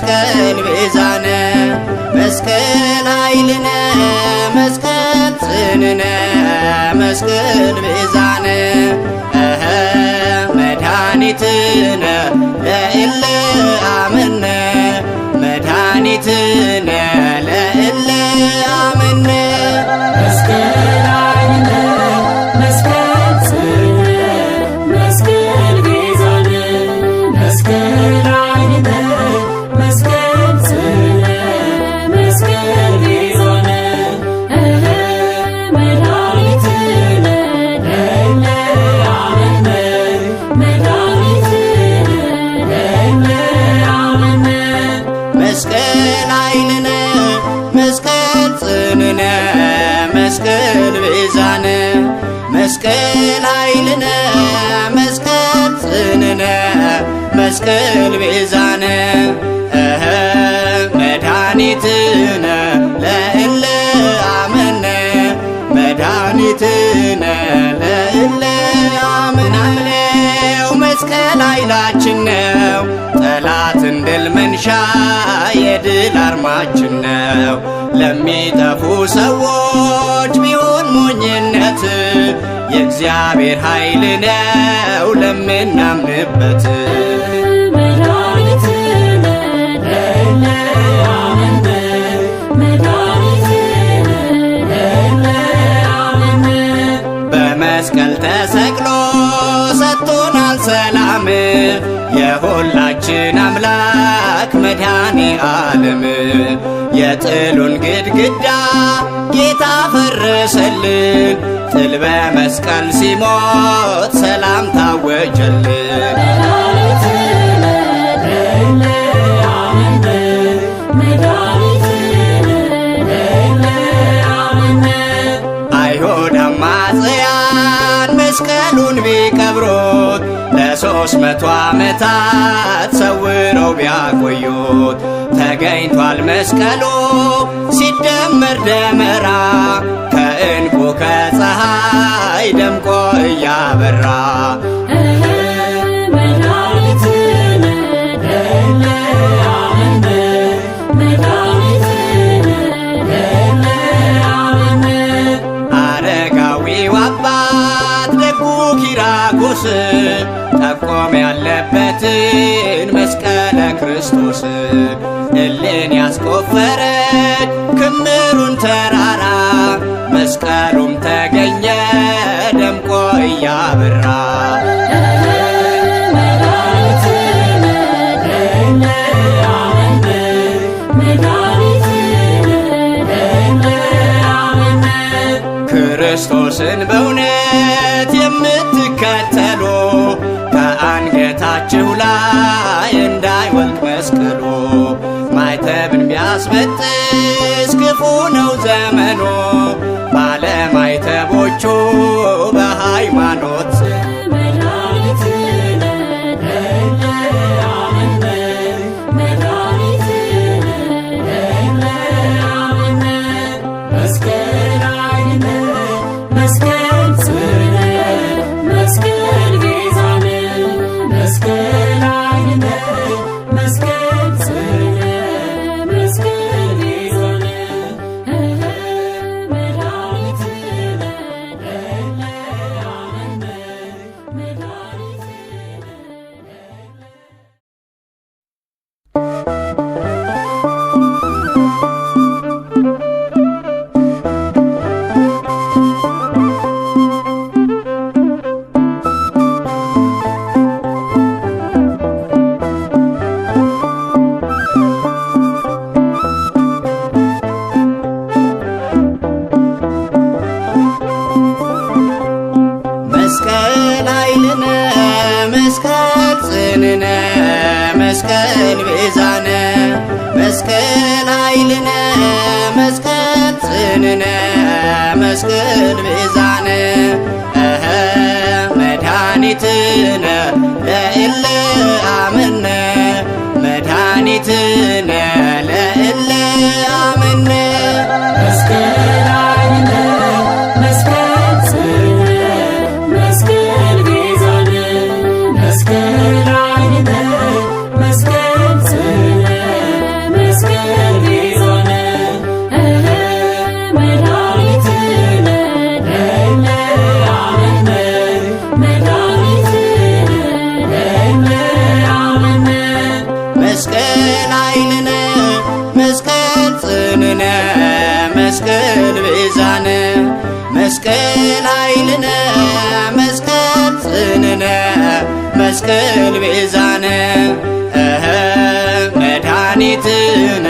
መስቀል ቤዛነ መስቀል ኃይልነ መስቀል ጽንነ መስቀል ቤዛነ መድኃኒትነ መስቀል ቤዛነ መስቀል ኃይልነ መስቀል ጽንነ መስቀል ቤዛነ መድኃኒትነ ለእለ አመነ መድኃኒትነ ለእለ አመናለው መስቀል ኃይላችን ነው ጠላትን ድል መንሻ የድል አርማችን ነው። ለሚጠፉ ሰዎች ቢሆን ሞኝነት የእግዚአብሔር ኃይል ነው ለምናምንበት መድኃኒት ዓለም የጥሉን ግድግዳ ጌታ ፈረሰልን። ጥል በመስቀል ሲሞት ሰላም ታወጀልን። መስቀሉን ቢቀብሮት ለሶስት መቶ ዓመታት ሰውረው ቢያቆዩት ተገኝቷል መስቀሉ ሲደመር ደመራ ከእንቁ ከፀሐይ ደምቆ እያበራ አረጋዊው አባት ደጉ የቆመበትን መስቀለ ክርስቶስ ድልን ያስቆፈረ ክምሩን ተራራ መስቀሉም ተገኘ ደምቆ እያበራ ክርስቶስን በእውነ በላያችሁ ላይ እንዳይወልቅ መስቀሉ ማይተብን ቢያስበጥስ ክፉ ነው ዘመኑ ባለማይተቦቹ በሃይማኖት መስቀል ጽንነ መስቀል ቤዛነ መስቀል ኃይልነ መስቀል ጽንዕነ መስቀል ቤዛነ መድኃኒትነ ለእለ አመነ መድህንነ መስቀል ቤዛነ መስቀል ኃይልነ መስቀል ጽንዕነ መስቀል ቤዛነ መድኃኒትነ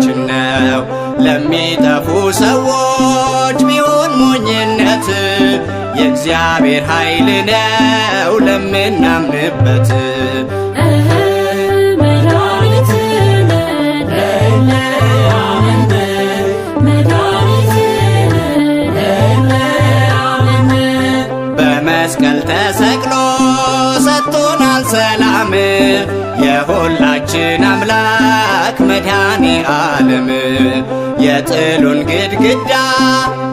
ጌታችን ነው። ለሚጠፉ ሰዎች ቢሆን ሞኝነት የእግዚአብሔር ኃይል ነው ለምናምንበት ዓለም የጥሉን ግድግዳ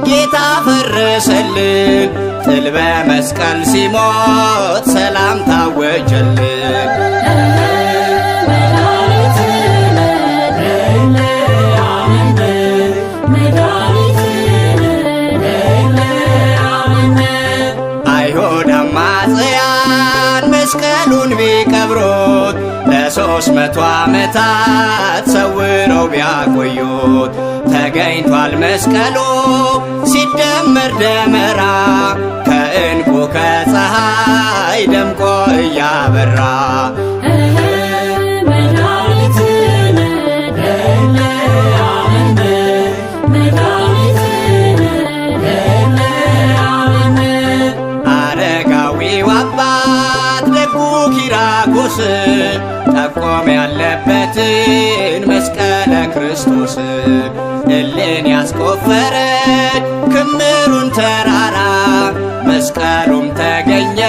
ጌታ ፈረሰልን። ጥል በመስቀል ሲሞት ሰላም ታወጀልን። መቶ ዓመታት ሰውረው ቢያቆዩት ተገኝቷል መስቀሉ ሲደመር ደመራ ከእንቁ ከፀሐይ ደምቆ እያበራ አረጋዊው አባት ደጉ እልን ያስቆፈረ ክምሩን ተራራ መስቀሉም ተገኘ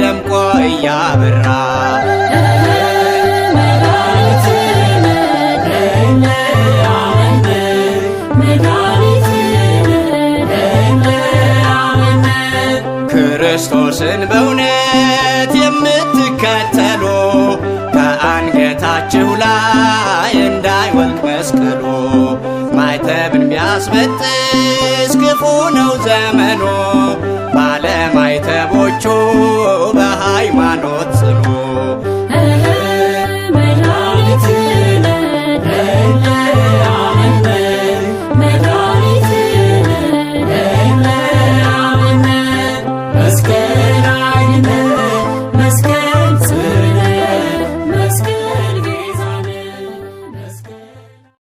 ደምቆ እያበራ ክርስቶስን በእውነት የምትከተሉ በላያችሁ ላይ እንዳይወልቅ መስቀሉ ማይተብን ቢያስበጥስ ክፉ ነው ዘመኑ ባለማይተቦቹ በሃይማኖት